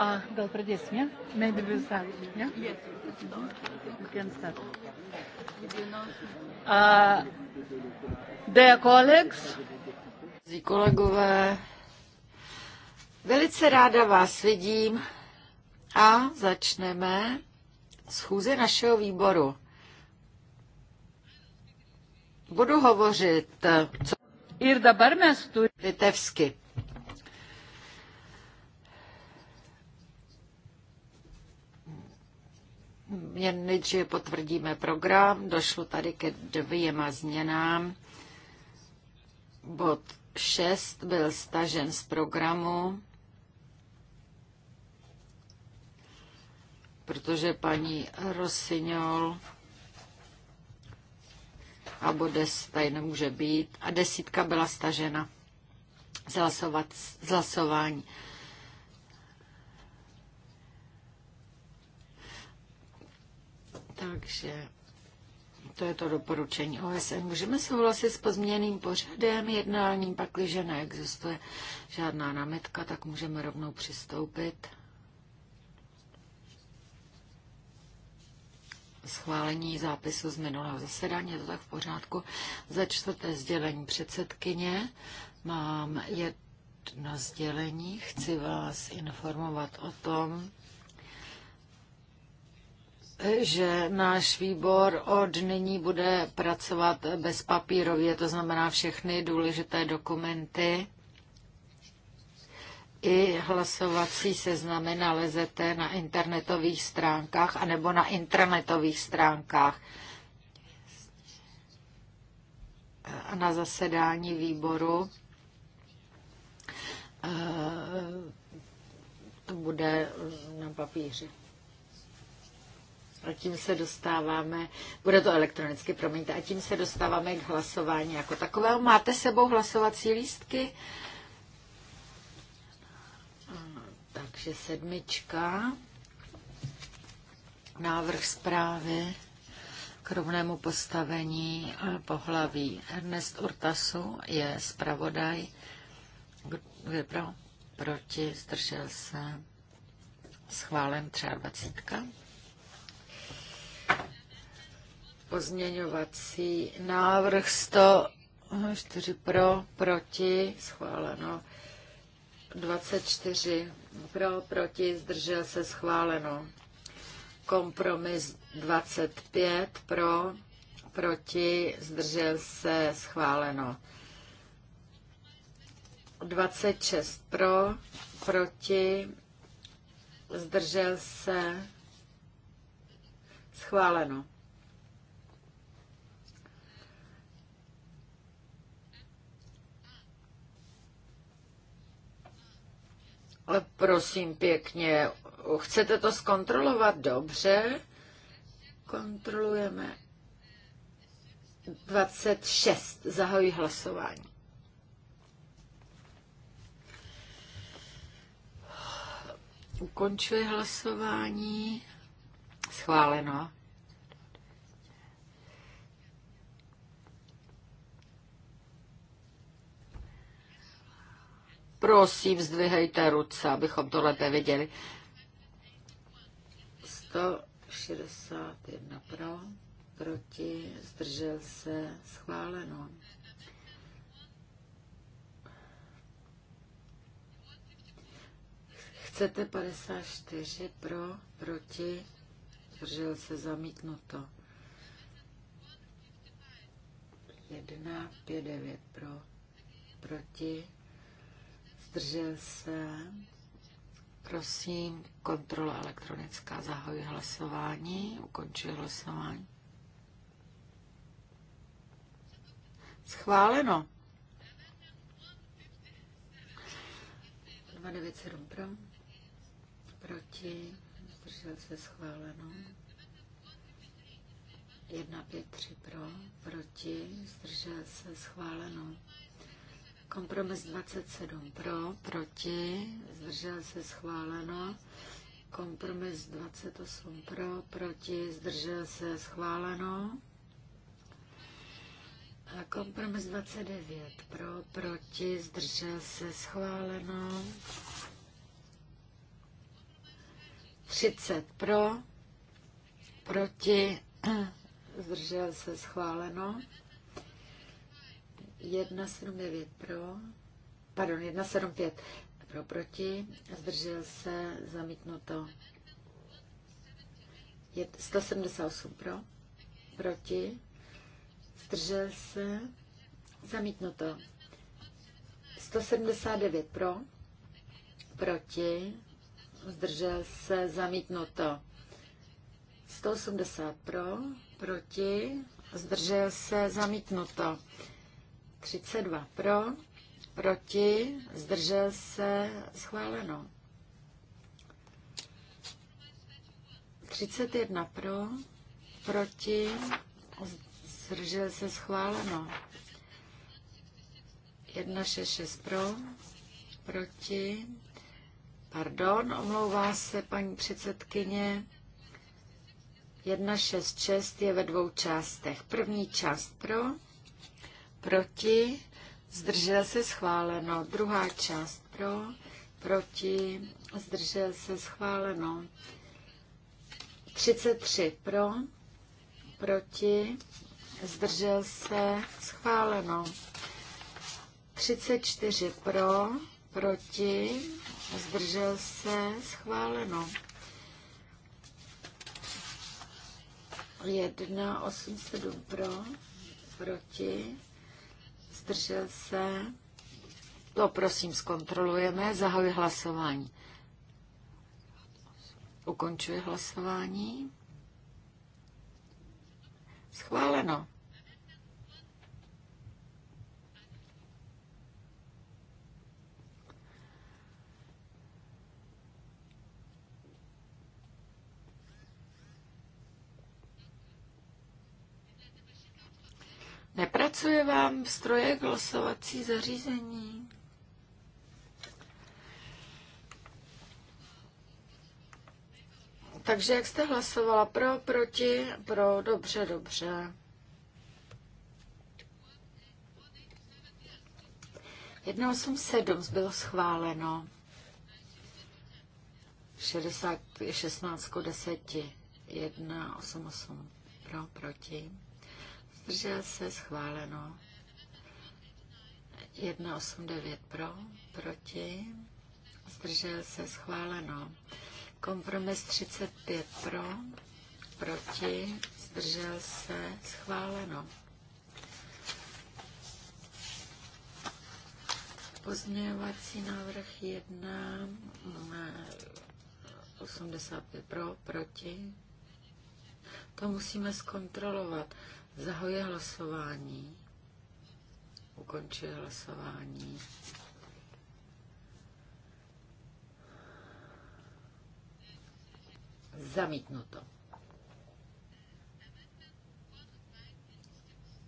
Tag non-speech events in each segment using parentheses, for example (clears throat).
Uh, well, this, Maybe we'll start, yeah? Yes. We can start. Uh, dear colleagues, kolegové, velice ráda vás vidím a začneme schůze našeho výboru. Budu hovořit co... Irda Barmestu. Litevsky. mě nejdříve potvrdíme program. Došlo tady ke dvěma změnám. Bod 6 byl stažen z programu, protože paní Rosiňol a 10 tady nemůže být. A desítka byla stažena z, hlasovat, z hlasování. Takže to je to doporučení OSN. Můžeme souhlasit s pozměněným pořadem jednání, pakliže neexistuje žádná námitka, tak můžeme rovnou přistoupit. Schválení zápisu z minulého zasedání, je to tak v pořádku. Za čtvrté sdělení předsedkyně mám jedno sdělení. Chci vás informovat o tom, že náš výbor od nyní bude pracovat bez papírově, to znamená všechny důležité dokumenty i hlasovací seznamy nalezete na internetových stránkách anebo na intranetových stránkách. A na zasedání výboru eh, to bude na papíře. A tím se dostáváme, bude to elektronicky, promiňte, a tím se dostáváme k hlasování jako takového. Máte sebou hlasovací lístky? Takže sedmička, návrh zprávy k rovnému postavení pohlaví. Ernest Urtasu je zpravodaj. Kdo je pro? Proti, zdržel se. Schválen třeba dvacítka. Pozměňovací návrh 104 eh, pro, proti, schváleno. 24 pro, proti, zdržel se, schváleno. Kompromis 25 pro, proti, zdržel se, schváleno. 26 pro, proti, zdržel se, schváleno. Prosím pěkně, chcete to zkontrolovat dobře? Kontrolujeme. 26. Zahojí hlasování. Ukončuji hlasování. Schváleno. Prosím, zdvihejte ruce, abychom to lépe viděli. 161 pro, proti, zdržel se, schváleno. Chcete 54 pro, proti, zdržel se, zamítnuto. 1, 5, 9 pro, proti, zdržel se, prosím, kontrola elektronická, zahajuji hlasování, ukončuji hlasování. Schváleno. 297 pro, proti, zdržel se, schváleno. 153 pro, proti, zdržel se, schváleno. Kompromis 27 pro, proti, zdržel se schváleno. Kompromis 28 pro, proti, zdržel se schváleno. A kompromis 29 pro, proti, zdržel se schváleno. 30 pro, proti, (clears throat) zdržel se schváleno. 179 pro, pardon, 175 pro proti, zdržel se, zamítnuto. 178 pro, proti, zdržel se, zamítnuto. 179 pro, proti, zdržel se, zamítnuto. 180 pro, proti, zdržel se, zamítnuto. 32 pro, proti, zdržel se, schváleno. 31 pro, proti, zdržel se, schváleno. 166 pro, proti, pardon, omlouvá se paní předsedkyně. 166 je ve dvou částech. První část pro, proti, zdržel se schváleno. Druhá část pro, proti, zdržel se schváleno. 33 pro, proti, zdržel se schváleno. 34 pro, proti, zdržel se schváleno. 1, 8, 7 pro, proti, zdržel se. To prosím zkontrolujeme, zahajuji hlasování. Ukončuji hlasování. Schváleno. Nepracuje vám v stroje glosovací zařízení? Takže jak jste hlasovala pro, proti, pro, dobře, dobře. Jednou jsem sedm, bylo schváleno. 60, 16 10, 1, 8, 8, pro, proti zdržel se, schváleno. 189 pro, proti, zdržel se, schváleno. Kompromis 35 pro, proti, zdržel se, schváleno. Pozměňovací návrh 1, 85 pro, proti. To musíme zkontrolovat. Zahoje hlasování. Ukončuje hlasování. Zamítnuto.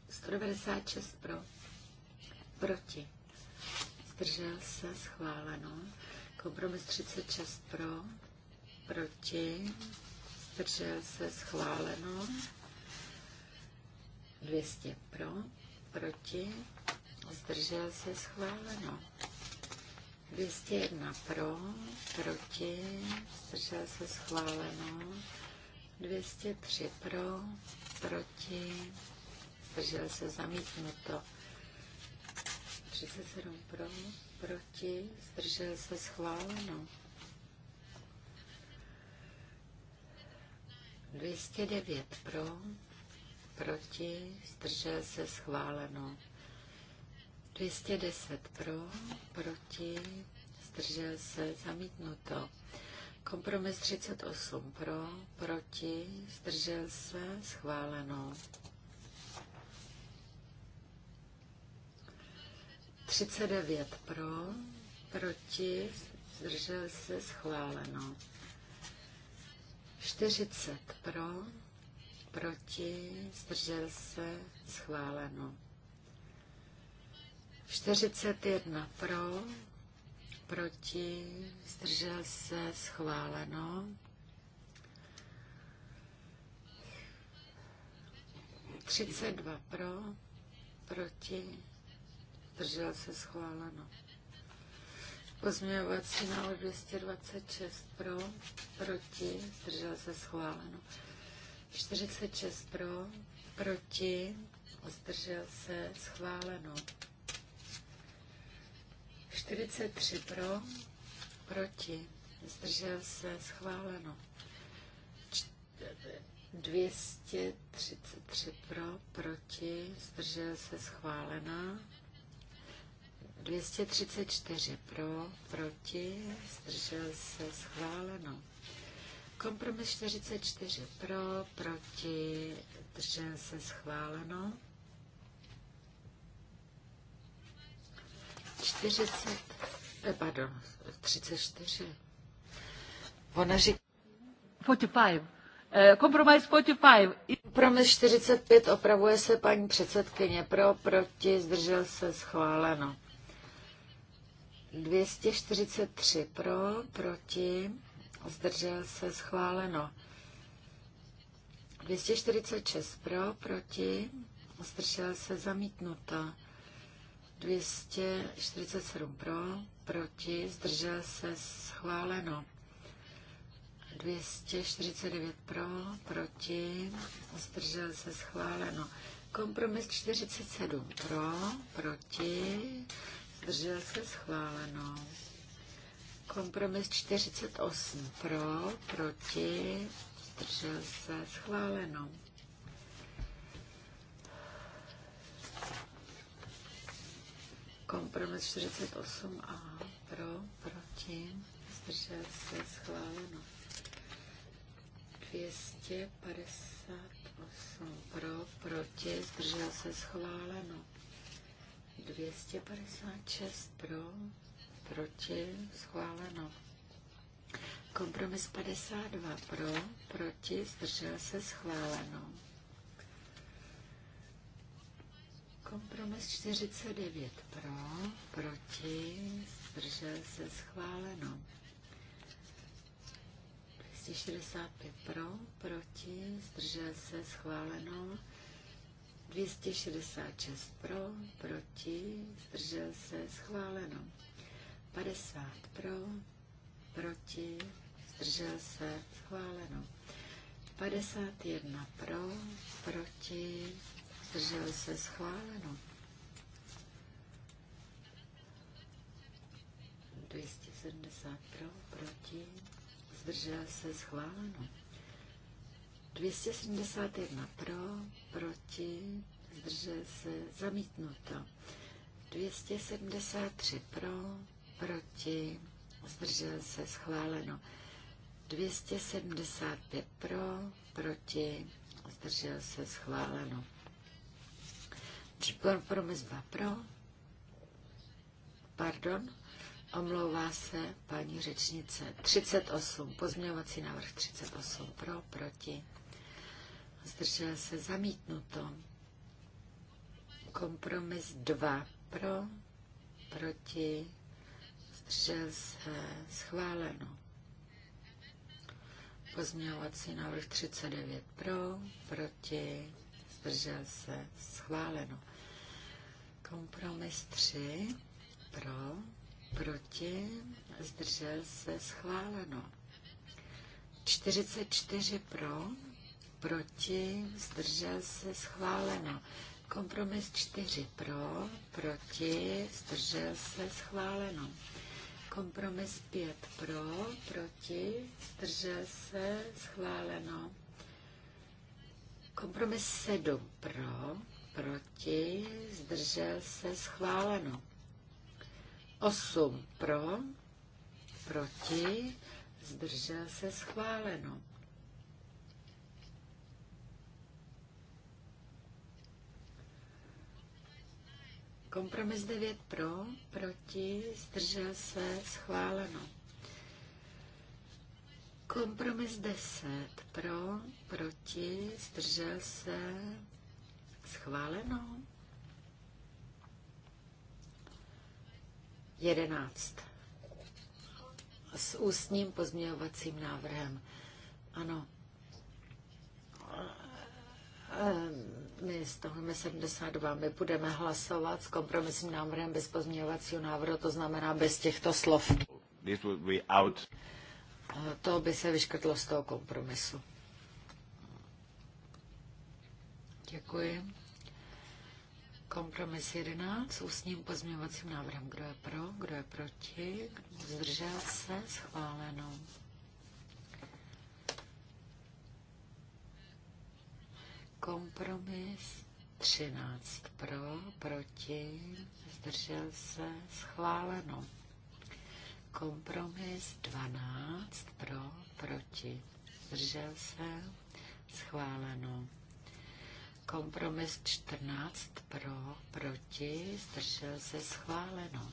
196 pro. Proti. Zdržel se schváleno. Kompromis 36 pro. Proti. Zdržel se schváleno. 200 pro, proti, zdržel se schváleno. 201 pro, proti, zdržel se schváleno. 203 pro, proti, zdržel se zamítnuto. 37 pro, proti, zdržel se schváleno. 209 pro, proti, zdržel se schváleno. 210 pro, proti, zdržel se zamítnuto. Kompromis 38 pro, proti, zdržel se schváleno. 39 pro, proti, zdržel se schváleno. 40 pro, proti, zdržel se, schváleno. 41 pro, proti, zdržel se, schváleno. 32 pro, proti, zdržel se, schváleno. Pozměňovací návrh 226 pro, proti, zdržel se, schváleno. 46 pro, proti, zdržel se, schváleno. 43 pro, proti, zdržel se, schváleno. 233 pro, proti, zdržel se, schválena. 234 pro, proti, zdržel se, schváleno. Kompromis 44 pro, proti, držel se schváleno. 40, eh, pardon, 34. Ona říká... 45. Eh, kompromis 45. Kompromis 45 opravuje se paní předsedkyně. Pro, proti, zdržel se, schváleno. 243 pro, proti zdržel se schváleno. 246 pro, proti, zdržel se zamítnuto. 247 pro, proti, zdržel se schváleno. 249 pro, proti, zdržel se schváleno. Kompromis 47 pro, proti, zdržel se schváleno. Kompromis 48 pro, proti, zdržel se, schváleno. Kompromis 48a pro, proti, zdržel se, schváleno. 258 pro, proti, zdržel se, schváleno. 256 pro, proti, schváleno. Kompromis 52 pro, proti, zdržel se, schváleno. Kompromis 49 pro, proti, zdržel se, schváleno. 265 pro, proti, zdržel se, schváleno. 266 pro, proti, zdržel se, schváleno. 50 pro, proti, zdržel se, schváleno. 51 pro, proti, zdržel se, schváleno. 270 pro, proti, zdržel se, schváleno. 271 pro, proti, zdržel se, zamítnuto. 273 pro, proti, zdržel se schváleno. 275 pro, proti, zdržel se schváleno. Kompromis 2 pro, pardon, omlouvá se paní řečnice. 38, pozměňovací návrh 38 pro, proti, zdržel se zamítnuto. Kompromis 2 pro, proti, zdržel se, eh, schváleno. Pozměňovací návrh 39 pro, proti, zdržel se, schváleno. Kompromis 3 pro, proti, zdržel se, schváleno. 44 pro, proti, zdržel se, schváleno. Kompromis 4 pro, proti, zdržel se, schváleno. Kompromis 5 pro, proti, zdržel se, schváleno. Kompromis 7 pro, proti, zdržel se, schváleno. 8 pro, proti, zdržel se, schváleno. Kompromis 9 pro, proti, zdržel se, schváleno. Kompromis 10 pro, proti, zdržel se, schváleno. 11. S ústním pozměňovacím návrhem. Ano. Ehm, my z toho 72, my budeme hlasovat s kompromisním návrhem bez pozměňovacího návrhu, to znamená bez těchto slov. This would be out. To by se vyškrtlo z toho kompromisu. Děkuji. Kompromis 11 s ústním pozměňovacím návrhem. Kdo je pro, kdo je proti, kdo zdržel se, schváleno. Kompromis 13 pro, proti, zdržel se, schváleno. Kompromis 12 pro, proti, zdržel se, schváleno. Kompromis 14 pro, proti, zdržel se, schváleno.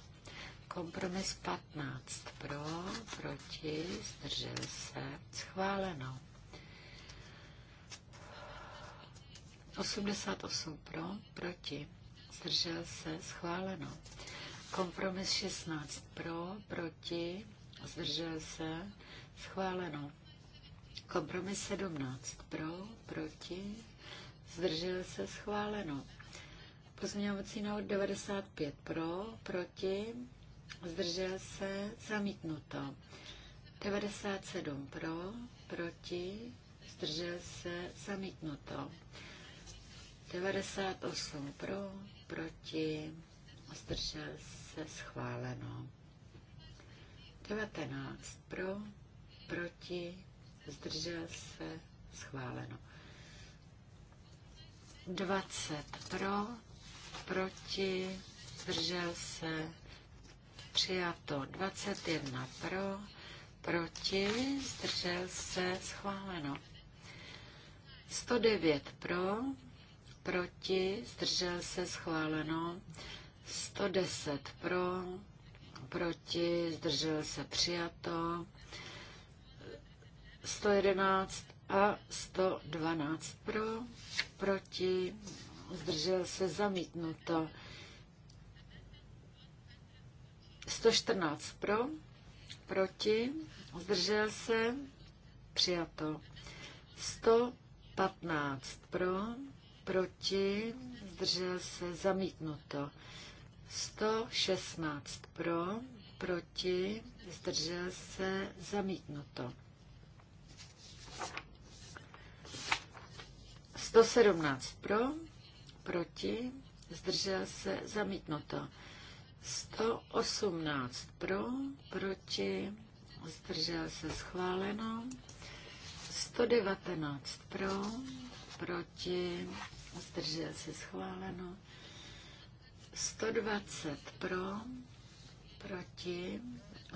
Kompromis 15 pro, proti, zdržel se, schváleno. 88 pro, proti, zdržel se, schváleno. Kompromis 16 pro, proti, zdržel se, schváleno. Kompromis 17 pro, proti, zdržel se, schváleno. Pozměňovací návod 95 pro, proti, zdržel se, zamítnuto. 97 pro, proti, zdržel se, zamítnuto. 98 pro, proti, zdržel se schváleno. 19 pro, proti, zdržel se schváleno. 20 pro, proti, zdržel se přijato. 21 pro, proti, zdržel se schváleno. 109 pro, proti, zdržel se schváleno, 110 pro, proti, zdržel se přijato, 111 a 112 pro, proti, zdržel se zamítnuto, 114 pro, proti, zdržel se přijato, 115 pro, proti, zdržel se, zamítnuto. 116 pro, proti, zdržel se, zamítnuto. 117 pro, proti, zdržel se, zamítnuto. 118 pro, proti, zdržel se, schváleno. 119 pro, proti, zdržel se schváleno. 120 pro, proti,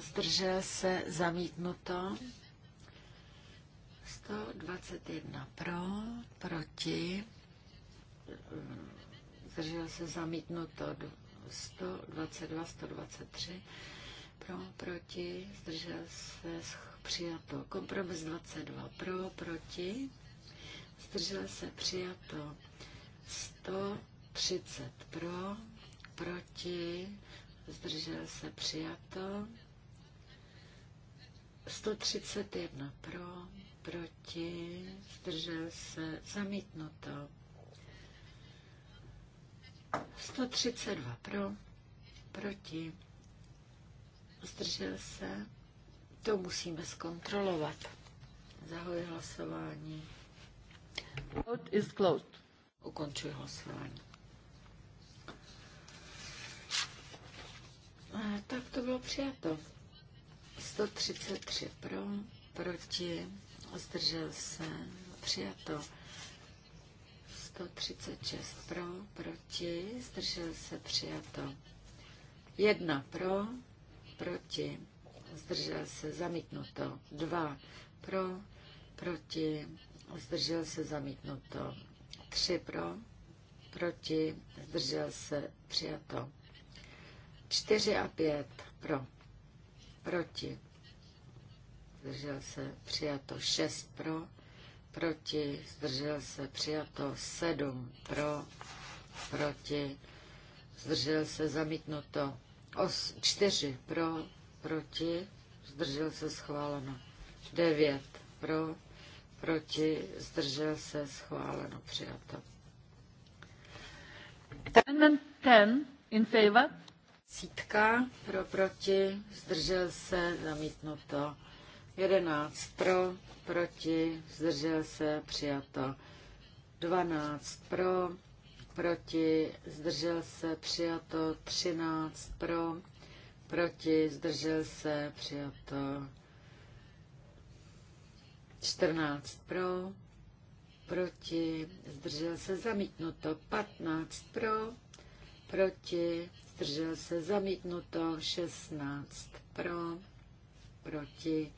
zdržel se zamítnuto. 121 pro, proti, zdržel se zamítnuto 122, 123 pro, proti, zdržel se přijato. Kompromis 22 pro, proti, zdržel se přijato. 130 pro, proti, zdržel se přijato. 131 pro, proti, zdržel se zamítnuto. 132 pro, proti, zdržel se. To musíme zkontrolovat. Zahoj hlasování. Vote is closed. Ukončuji hlasování. A tak to bylo přijato. 133 pro, proti, zdržel se, přijato. 136 pro, proti, zdržel se, přijato. 1 pro, proti, zdržel se, zamítnuto. 2 pro, proti, zdržel se, zamítnuto. 3 pro, proti, zdržel se, přijato. 4 a 5 pro, proti, zdržel se, přijato. 6 pro, proti, zdržel se, přijato. 7 pro, proti, zdržel se, zamítnuto. 4 pro, proti, zdržel se, schváleno. 9 pro, proti, zdržel se, schváleno, přijato. Amendment 10 in favor. Sítka pro, proti, zdržel se, zamítnuto. 11 pro, proti, zdržel se, přijato. 12 pro, proti, zdržel se, přijato. 13 pro, proti, zdržel se, přijato. 14 pro, proti, zdržel se zamítnuto. 15 pro, proti, zdržel se zamítnuto. 16 pro, proti,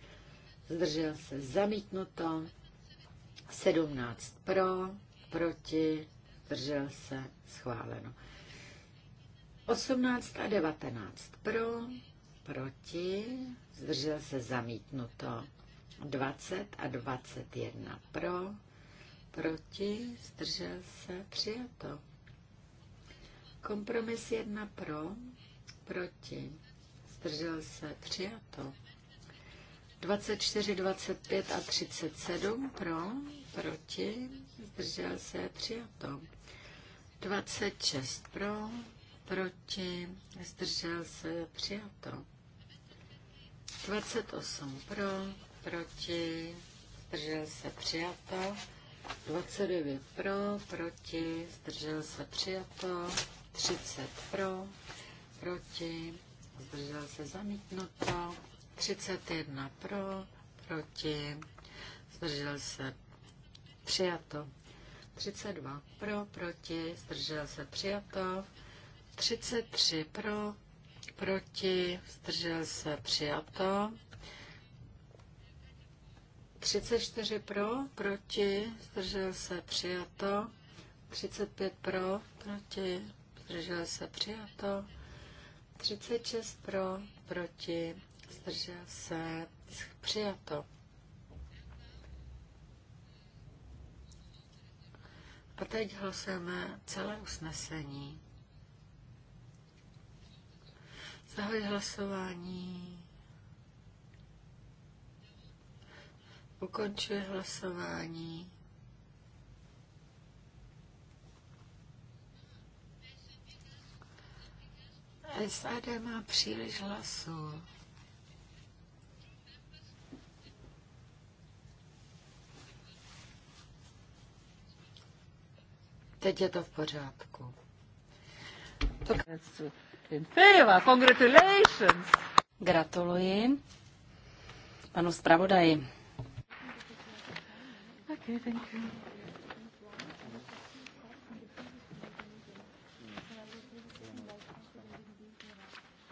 zdržel se zamítnuto. 17 pro, proti, zdržel se schváleno. 18 a 19 pro, proti, zdržel se zamítnuto. 20 a 21 pro, proti, zdržel se, přijato. Kompromis 1 pro, proti, zdržel se, přijato. 24, 25 a 37 pro, proti, zdržel se, přijato. 26 pro, proti, zdržel se, přijato. 28 pro, proti, zdržel se přijato. 29 pro, proti, zdržel se přijato. 30 pro, proti, zdržel se zamítnuto. 31 pro, proti, zdržel se přijato. 32 pro, proti, zdržel se přijato. 33 pro, proti, zdržel se přijato. 34 pro, proti, zdržel se přijato. 35 pro, proti, zdržel se přijato. 36 pro, proti, zdržel se přijato. A teď hlasujeme celé usnesení. Zahoj hlasování. Ukončuji hlasování. SAD má příliš hlasů. Teď je to v pořádku. To... Congratulations! Gratuluji panu zpravodaji. Okay, thank you.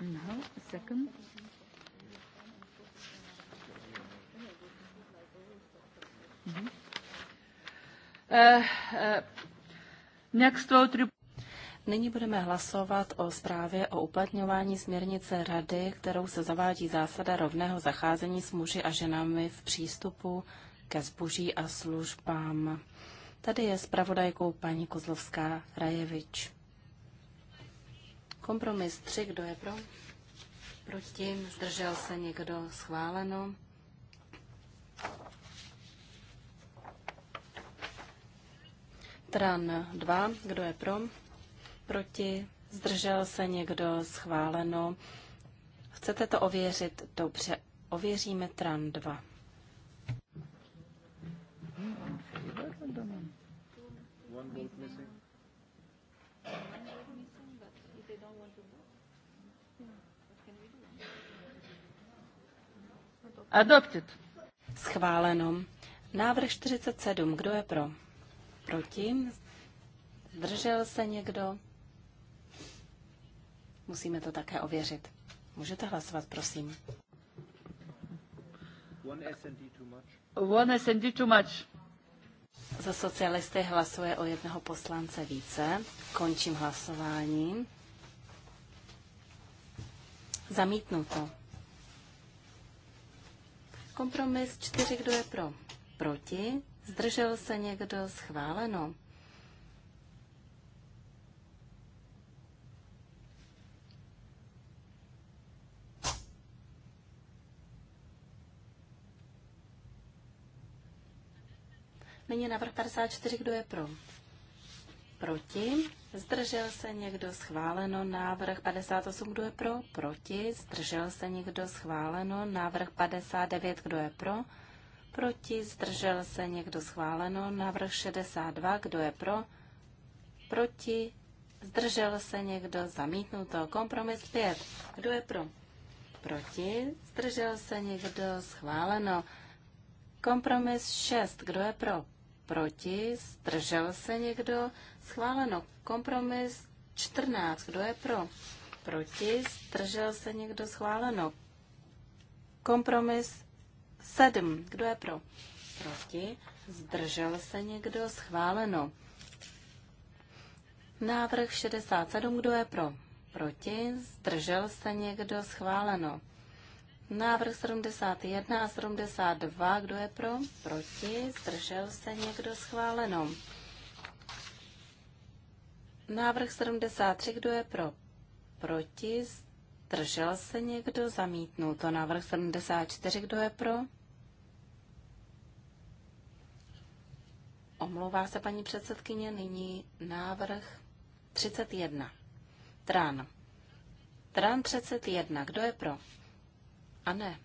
Now, a second. Mm-hmm. Uh, uh, Nyní budeme hlasovat o zprávě o uplatňování směrnice Rady, kterou se zavádí zásada rovného zacházení s muži a ženami v přístupu ke zboží a službám. Tady je zpravodajkou paní Kozlovská Rajevič. Kompromis 3, kdo je pro? Proti, zdržel se někdo, schváleno. Tran 2, kdo je pro? Proti, zdržel se někdo, schváleno. Chcete to ověřit? Dobře, ověříme Tran 2. Adopted. Schváleno. Návrh 47. Kdo je pro? Proti? Zdržel se někdo? Musíme to také ověřit. Můžete hlasovat, prosím. One SND too much. One SND too much. Za socialisty hlasuje o jednoho poslance více. Končím hlasování. Zamítnuto. Kompromis čtyři, kdo je pro? Proti? Zdržel se někdo? Schváleno. Nyní návrh 54, kdo je pro? Proti. Zdržel se někdo schváleno návrh 58, kdo je pro? Proti. Zdržel se někdo schváleno návrh 59, kdo je pro? Proti. Zdržel se někdo schváleno návrh 62, kdo je pro? Proti. Zdržel se někdo zamítnuto. Kompromis 5. Kdo je pro? Proti. Zdržel se někdo schváleno. Kompromis 6. Kdo je pro? proti? Zdržel se někdo? Schváleno. Kompromis 14. Kdo je pro? Proti? Zdržel se někdo? Schváleno. Kompromis 7. Kdo je pro? Proti? Zdržel se někdo? Schváleno. Návrh 67. Kdo je pro? Proti? Zdržel se někdo? Schváleno. Návrh 71 a 72. Kdo je pro? Proti. Zdržel se někdo schváleno. Návrh 73. Kdo je pro? Proti. Zdržel se někdo? Zamítnul to. Návrh 74. Kdo je pro? Omlouvá se paní předsedkyně. Nyní návrh 31. Tran. Tran 31. Kdo je pro? A ne.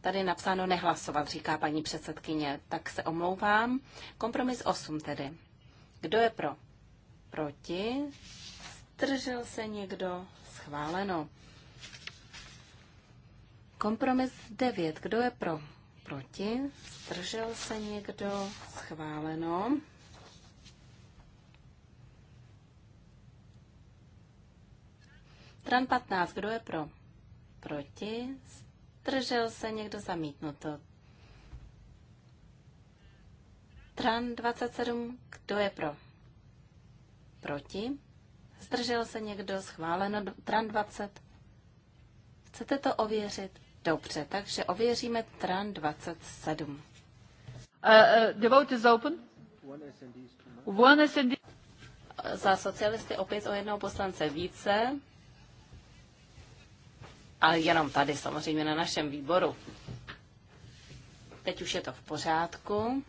Tady je napsáno nehlasovat, říká paní předsedkyně. Tak se omlouvám. Kompromis 8 tedy. Kdo je pro? Proti? Zdržel se někdo? Schváleno. Kompromis 9. Kdo je pro? Proti? Zdržel se někdo? Schváleno. Tran 15. Kdo je pro? proti, zdržel se někdo zamítnuto. Tran 27, kdo je pro? Proti, zdržel se někdo, schváleno Tran 20. Chcete to ověřit? Dobře, takže ověříme Tran 27. Uh, uh, the vote is open. One SND. Za socialisty opět o jednoho poslance více ale jenom tady, samozřejmě na našem výboru. Teď už je to v pořádku.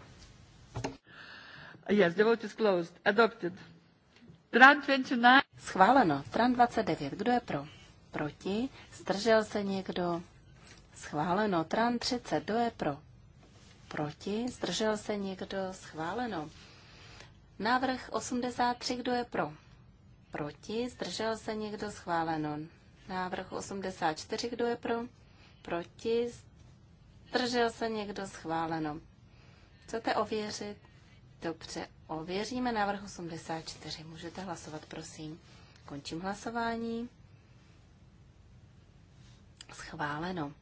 Yes, the vote is closed. Adopted. Tran 29. Schváleno. Tran 29. Kdo je pro? Proti. Zdržel se někdo? Schváleno. Tran 30. Kdo je pro? Proti. Zdržel se někdo? Schváleno. Návrh 83. Kdo je pro? Proti. Zdržel se někdo? Schváleno. Návrh 84, kdo je pro? Proti? Zdržel se někdo schváleno. Chcete ověřit? Dobře, ověříme návrh 84. Můžete hlasovat, prosím. Končím hlasování. Schváleno.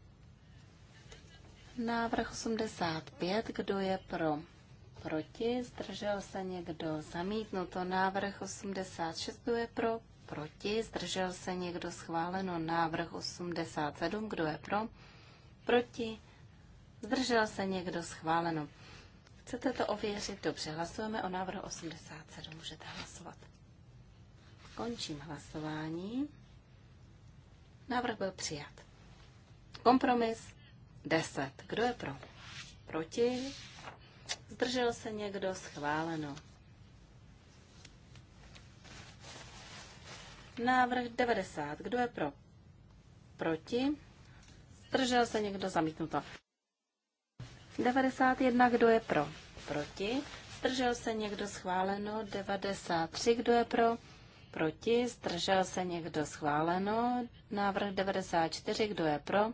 Návrh 85. Kdo je pro? Proti? Zdržel se někdo? Zamítnuto. Návrh 86. Kdo je pro? proti, zdržel se někdo schváleno návrh 87, kdo je pro, proti, zdržel se někdo schváleno. Chcete to ověřit? Dobře, hlasujeme o návrhu 87, můžete hlasovat. Končím hlasování. Návrh byl přijat. Kompromis 10. Kdo je pro? Proti? Zdržel se někdo? Schváleno. Návrh 90. Kdo je pro? Proti? Držel se někdo zamítnuto. 91. Kdo je pro? Proti? Zdržel se někdo schváleno? 93. Kdo je pro? Proti? Zdržel se někdo schváleno? Návrh 94. Kdo je pro?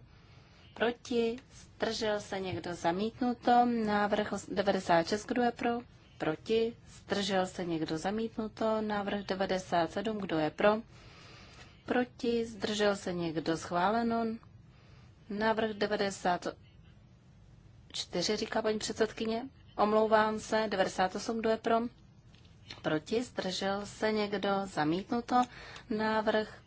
Proti? Zdržel se někdo zamítnuto? Návrh 96. Kdo je pro? proti, zdržel se někdo zamítnuto, návrh 97, kdo je pro, proti, zdržel se někdo schváleno, návrh 94, říká paní předsedkyně, omlouvám se, 98, kdo je pro, proti, zdržel se někdo zamítnuto, návrh,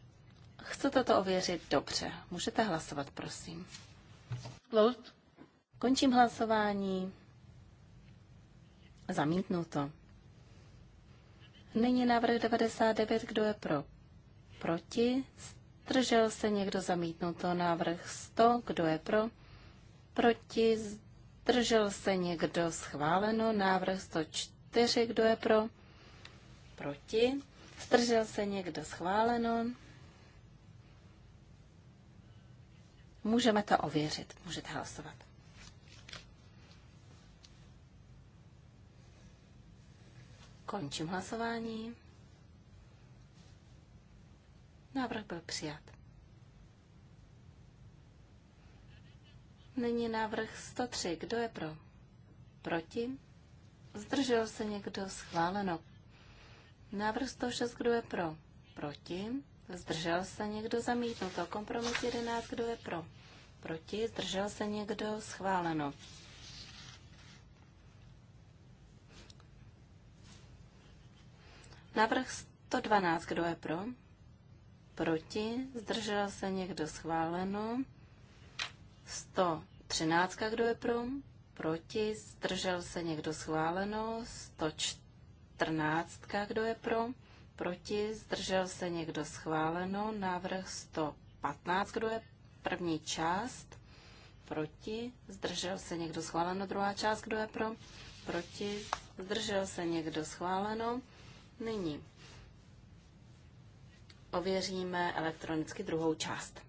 chcete to ověřit, dobře, můžete hlasovat, prosím. Closed. Končím hlasování. Zamítnuto. Nyní návrh 99, kdo je pro? Proti? Zdržel se někdo zamítnuto? Návrh 100, kdo je pro? Proti? Zdržel se někdo schváleno? Návrh 104, kdo je pro? Proti? Zdržel se někdo schváleno? Můžeme to ověřit. Můžete hlasovat. Končím hlasování. Návrh byl přijat. Nyní návrh 103. Kdo je pro? Proti? Zdržel se někdo? Schváleno. Návrh 106. Kdo je pro? Proti? Zdržel se někdo? Zamítnuto. Kompromis 11. Kdo je pro? Proti? Zdržel se někdo? Schváleno. Navrh 112, kdo je pro? Proti? Zdržel se někdo schváleno? 113, kdo je pro? Proti? Zdržel se někdo schváleno? 114, kdo je pro? Proti? Zdržel se někdo schváleno? Návrh 115, kdo je první část? Proti? Zdržel se někdo schváleno? Druhá část, kdo je pro? Proti? Zdržel se někdo schváleno? Nyní ověříme elektronicky druhou část.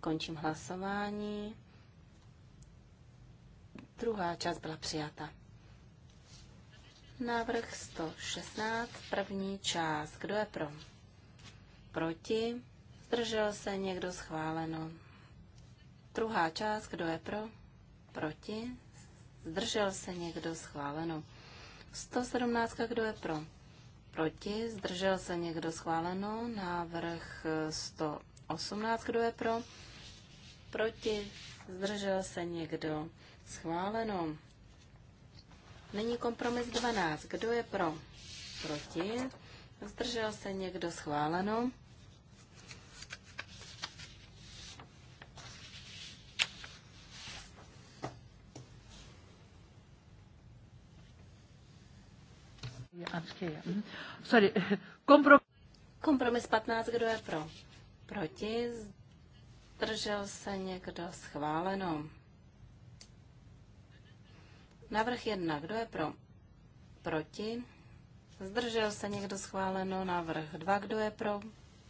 Končím hlasování. Druhá část byla přijata. Návrh 116, první část. Kdo je pro? Proti? Zdržel se někdo schváleno? Druhá část, kdo je pro? Proti? Zdržel se někdo schváleno? 117. Kdo je pro? Proti? Zdržel se někdo schváleno? Návrh 118. Kdo je pro? Proti? Zdržel se někdo schváleno? Není kompromis 12. Kdo je pro? Proti? Zdržel se někdo schváleno? Sorry. Kompro... Kompromis 15, kdo je pro? Proti? Zdržel se někdo schváleno? Návrh 1, kdo je pro? Proti? Zdržel se někdo schváleno? Návrh 2, kdo je pro?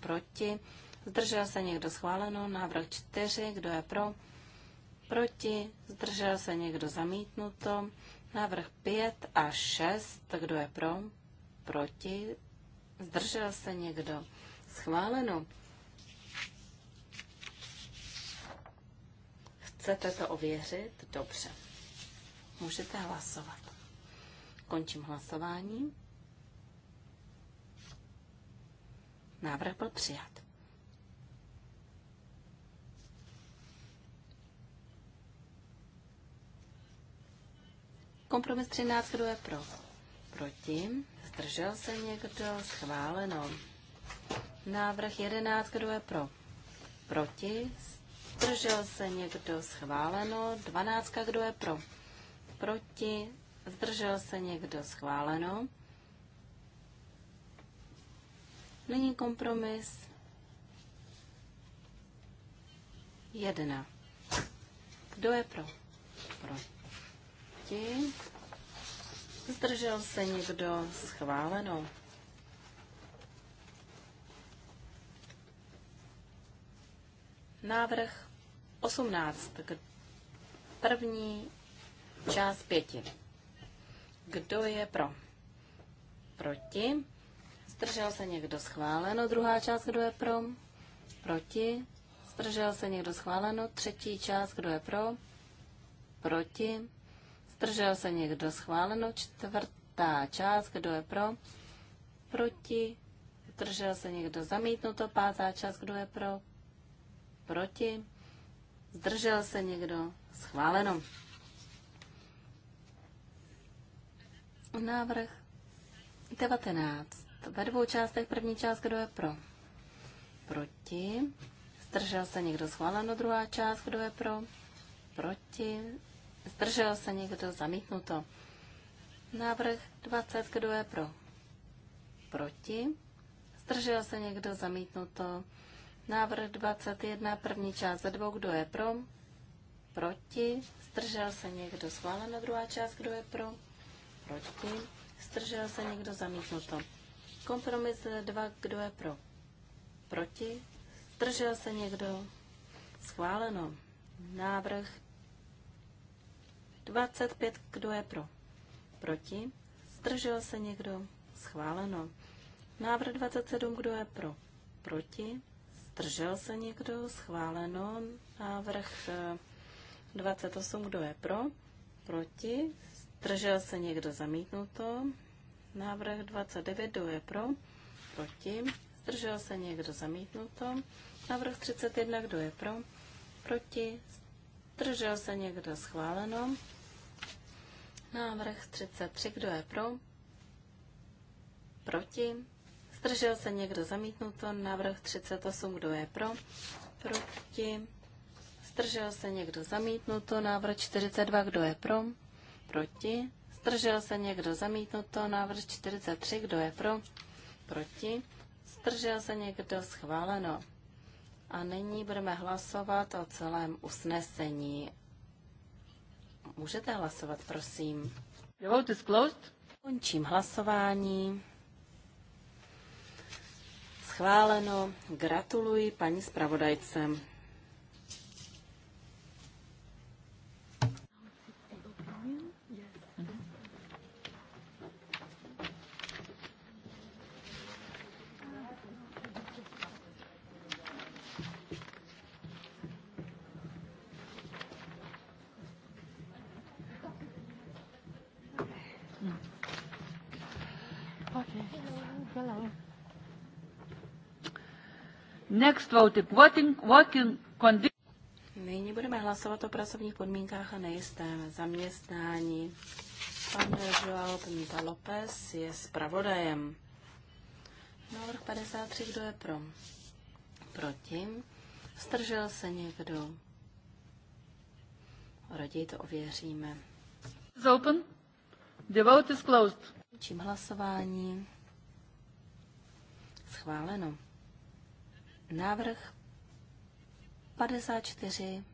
Proti? Zdržel se někdo schváleno? Návrh 4, kdo je pro? Proti? Zdržel se někdo zamítnuto? Návrh 5 a 6, kdo je pro? proti, zdržel se někdo, schváleno. Chcete to ověřit? Dobře. Můžete hlasovat. Končím hlasování. Návrh byl přijat. Kompromis 13, kdo je pro? Proti? Zdržel se někdo? Schváleno. Návrh 11, kdo je pro? Proti? Zdržel se někdo? Schváleno. 12, kdo je pro? Proti? Zdržel se někdo? Schváleno. Nyní kompromis 1. Kdo je pro? Proti? Zdržel se někdo? Schváleno. Návrh 18. První část pěti. Kdo je pro? Proti. Zdržel se někdo schváleno? Druhá část, kdo je pro? Proti. Zdržel se někdo schváleno? Třetí část, kdo je pro? Proti. Zdržel se někdo? Schváleno. Čtvrtá část. Kdo je pro? Proti. Zdržel se někdo? Zamítnuto. Pátá část. Kdo je pro? Proti. Zdržel se někdo? Schváleno. Návrh 19. Ve dvou částech první část, kdo je pro? Proti. Zdržel se někdo schváleno druhá část, kdo je pro? Proti. Zdržel se někdo? Zamítnuto. Návrh 20. Kdo je pro? Proti. Zdržel se někdo? Zamítnuto. Návrh 21. První část ze dvou. Kdo je pro? Proti. Zdržel se někdo? Schválena Druhá část. Kdo je pro? Proti. Zdržel se někdo? Zamítnuto. Kompromis 2. Kdo je pro? Proti. Zdržel se někdo? Schváleno. Návrh 25, kdo je pro? Proti? Zdržel se někdo? Schváleno. Návrh 27, kdo je pro? Proti? Zdržel se někdo? Schváleno. Návrh 28, eh, kdo je pro? Proti? Zdržel se někdo? Zamítnuto. Návrh 29, kdo je pro? Proti? Zdržel se někdo? Zamítnuto. Návrh 31, kdo je pro? Proti? Zdržel se někdo schváleno? Návrh 33, kdo je pro? Proti? Zdržel se někdo zamítnuto? Návrh 38, kdo je pro? Proti? Zdržel se někdo zamítnuto? Návrh 42, kdo je pro? Proti? Zdržel se někdo zamítnuto? Návrh 43, kdo je pro? Proti? Zdržel se někdo schváleno? A nyní budeme hlasovat o celém usnesení. Můžete hlasovat, prosím. The vote is closed. Končím hlasování. Schváleno. Gratuluji paní zpravodajce. next vote working, conditions. Nyní budeme hlasovat o pracovních podmínkách a nejistém zaměstnání. Pan Joao Pimita López je zpravodajem. Návrh 53, kdo je pro? Proti. Stržel se někdo? Raději to ověříme. Is open. The vote is closed. Čím hlasování? Schváleno. Návrh 54.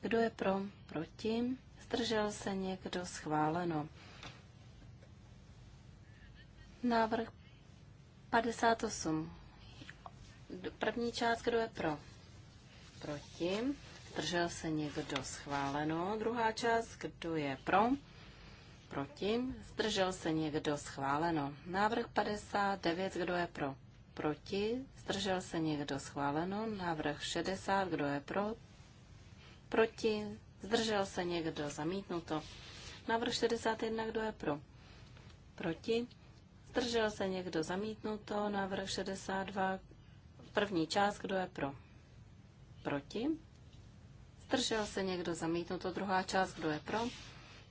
Kdo je pro? Proti? Zdržel se někdo? Schváleno. Návrh 58. První část, kdo je pro? Proti. Zdržel se někdo? Schváleno. Druhá část, kdo je pro? Proti? Zdržel se někdo? Schváleno. Návrh 59. Kdo je pro? Proti? Zdržel se někdo? Schváleno. Návrh 60. Kdo je pro? Proti? Zdržel se někdo? Zamítnuto. Návrh 61. Kdo je pro? Proti? Zdržel se někdo? Zamítnuto. Návrh 62. První část. Kdo je pro? Proti? Zdržel se někdo? Zamítnuto. Druhá část. Kdo je pro?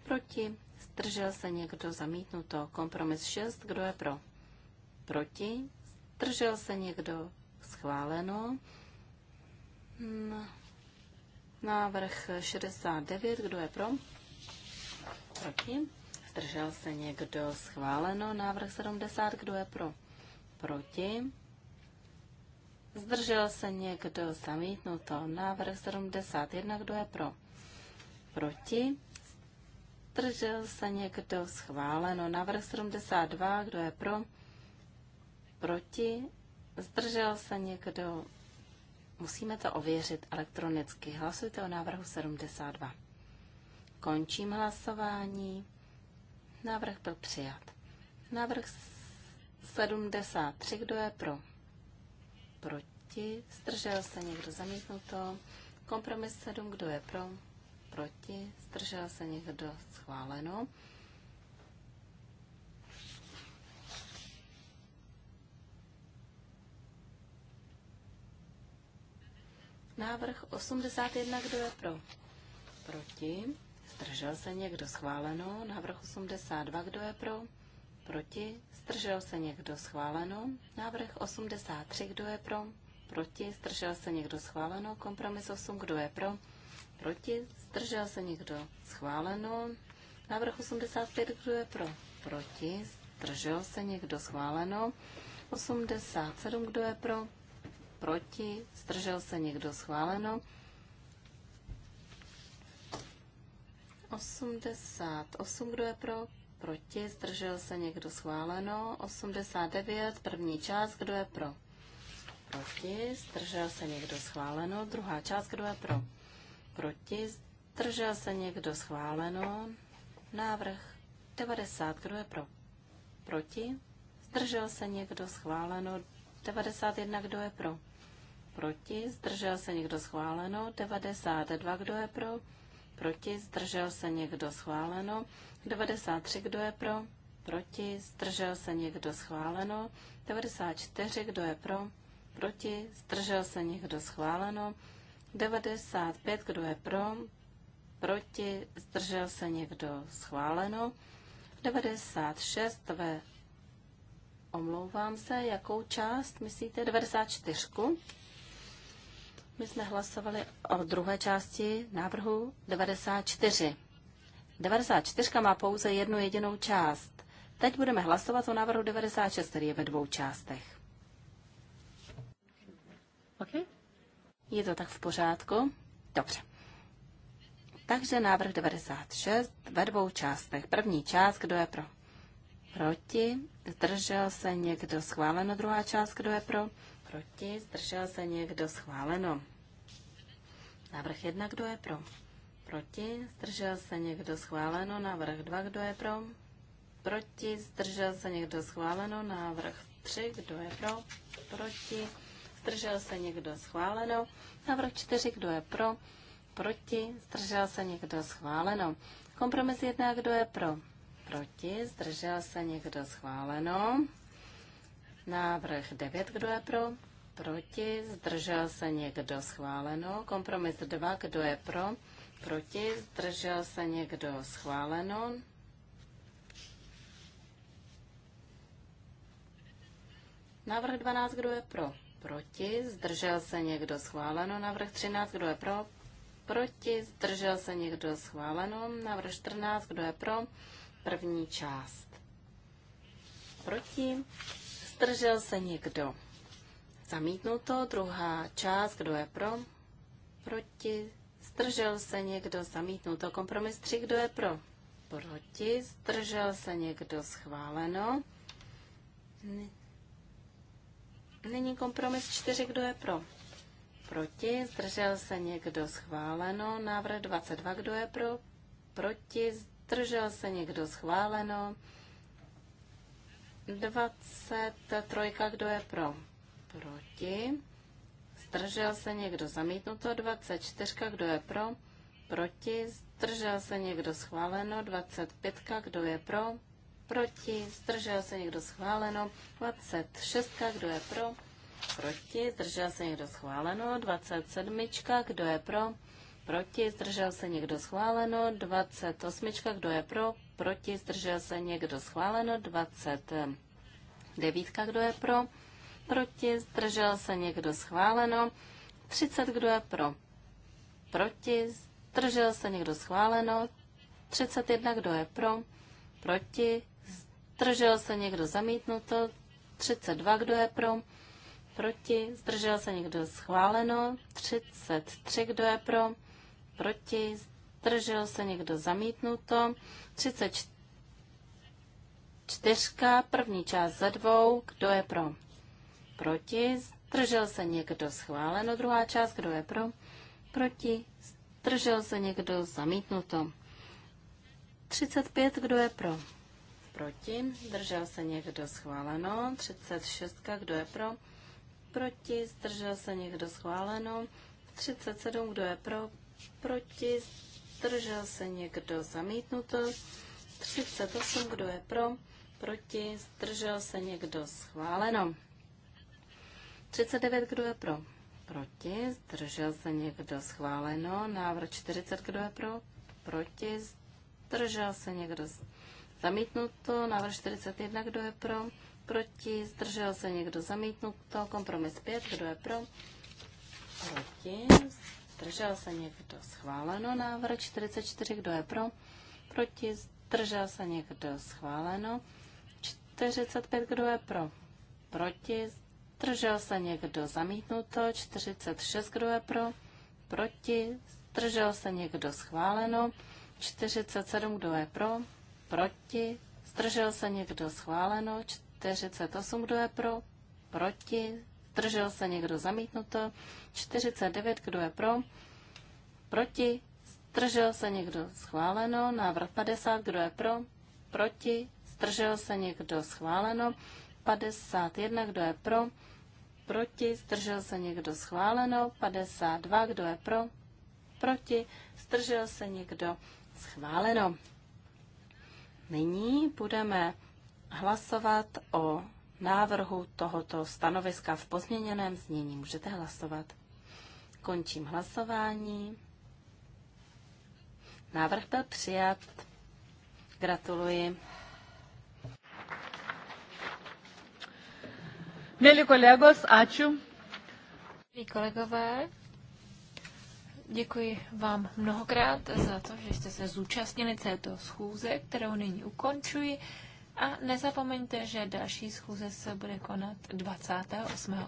Proti? Zdržel se někdo zamítnuto. Kompromis 6. Hm. Kdo je pro? Proti. Zdržel se někdo schváleno. Návrh 69. Kdo je pro? Proti. Zdržel se někdo schváleno. Návrh 70. Kdo je pro? Proti. Zdržel se někdo zamítnuto. Návrh 71. Kdo je pro? Proti. Zdržel se někdo? Schváleno. Návrh 72. Kdo je pro? Proti? Zdržel se někdo? Musíme to ověřit elektronicky. Hlasujte o návrhu 72. Končím hlasování. Návrh byl přijat. Návrh 73. Kdo je pro? Proti? Zdržel se někdo? Zamítnuto. Kompromis 7. Kdo je pro? proti, zdržel se někdo schváleno. Návrh 81, kdo je pro? Proti. Zdržel se někdo schváleno. Návrh 82, kdo je pro? Proti. Zdržel se někdo schváleno. Návrh 83, kdo je pro? Proti. Zdržel se někdo schváleno. Kompromis 8, kdo je pro? proti? Zdržel se někdo? Schváleno. Návrh 85, kdo je pro? Proti. Zdržel se někdo? Schváleno. 87, kdo je pro? Proti. Zdržel se někdo? Schváleno. 88, kdo je pro? Proti. Zdržel se někdo? Schváleno. 89, první část, kdo je pro? Proti. Zdržel se někdo? Schváleno. Druhá část, kdo je pro? proti? Zdržel se někdo schváleno? Návrh 90. Kdo je pro? Proti? Zdržel se někdo schváleno? 91. Kdo je pro? Proti? Zdržel se někdo schváleno? 92. Kdo je pro? Proti? Zdržel se někdo schváleno? 93. Kdo je pro? Proti? Zdržel se někdo schváleno? 94. Kdo je pro? Proti? Zdržel se někdo schváleno? 95, kdo je pro, proti, zdržel se někdo, schváleno. 96 ve, omlouvám se, jakou část myslíte, 94? My jsme hlasovali o druhé části návrhu 94. 94 má pouze jednu jedinou část. Teď budeme hlasovat o návrhu 96, který je ve dvou částech. Okay. Je to tak v pořádku? Dobře. Takže návrh 96 ve dvou částech. První část, kdo je pro? Proti. Zdržel se někdo schváleno. Druhá část, kdo je pro? Proti. Zdržel se někdo schváleno. Návrh 1, kdo je pro? Proti. Zdržel se někdo schváleno. Návrh 2, kdo je pro? Proti. Zdržel se někdo schváleno. Návrh 3, kdo je pro? Proti zdržel se někdo schváleno. Návrh čtyři kdo je pro, proti, zdržel se někdo schváleno. Kompromis jedna, kdo je pro, proti, zdržel se někdo schváleno. Návrh 9, kdo je pro, proti, zdržel se někdo schváleno. Kompromis 2, kdo je pro, proti, zdržel se někdo schváleno. Návrh 12, kdo je pro? proti, zdržel se někdo schváleno, Navrh 13, kdo je pro, proti, zdržel se někdo schváleno, Navrh 14, kdo je pro, první část, proti, zdržel se někdo, zamítnuto, druhá část, kdo je pro, proti, zdržel se někdo, zamítnuto, kompromis 3, kdo je pro, proti, zdržel se někdo schváleno, Nyní kompromis 4, kdo je pro? Proti, zdržel se někdo schváleno. Návrh 22, kdo je pro? Proti, zdržel se někdo schváleno. 23, kdo je pro? Proti. Zdržel se někdo zamítnuto? 24, kdo je pro? Proti. Zdržel se někdo schváleno? 25, kdo je pro? proti, zdržel se někdo schváleno, 26, kdo je pro, proti, zdržel se někdo schváleno, 27, kdo je pro, proti, zdržel se někdo schváleno, 28, kdo je pro, proti, zdržel se někdo schváleno, 29, kdo je pro, proti, zdržel se někdo schváleno, 30, kdo je pro, proti, zdržel se někdo schváleno, 31, kdo je pro, proti, zdržel se někdo zamítnuto, 32, kdo je pro, proti, zdržel se někdo schváleno, 33, kdo je pro, proti, zdržel se někdo zamítnuto, 34, první část ze dvou, kdo je pro, proti, zdržel se někdo schváleno, druhá část, kdo je pro, proti, zdržel se někdo zamítnuto. 35, kdo je pro? proti? Zdržel se někdo schváleno? 36. Kdo je pro? Proti? Zdržel se někdo schváleno? 37. Kdo je pro? Proti? Zdržel se někdo zamítnuto? 38. Kdo je pro? Proti? Zdržel se někdo schváleno? 39. Kdo je pro? Proti? Zdržel se někdo schváleno? Návrh 40. Kdo je pro? Proti? Zdržel se někdo schváleno? Zamítnuto. Návrh 41. Kdo je pro? Proti. Zdržel se někdo? Zamítnuto. Kompromis 5. Kdo je pro? Proti. Zdržel se někdo? Schváleno. Návrh 44. Kdo je pro? Proti. Zdržel se někdo? Schváleno. 45. Kdo je pro? Proti. Zdržel se někdo? Zamítnuto. 46. Kdo je pro? Proti. Zdržel se někdo? Schváleno. 47. Kdo je pro? proti, zdržel se někdo schváleno, 48, kdo je pro, proti, zdržel se někdo zamítnuto, 49, kdo je pro, proti, zdržel se někdo schváleno, návrh 50, kdo je pro, proti, zdržel se někdo schváleno, 51, kdo je pro, proti, zdržel se někdo schváleno, 52, kdo je pro, proti, zdržel se někdo schváleno. Nyní budeme hlasovat o návrhu tohoto stanoviska v pozměněném znění. Můžete hlasovat. Končím hlasování. Návrh byl přijat. Gratuluji. Milí kolegos, ačiū. Milí kolegové, Děkuji vám mnohokrát za to, že jste se zúčastnili této schůze, kterou nyní ukončuji. A nezapomeňte, že další schůze se bude konat 28.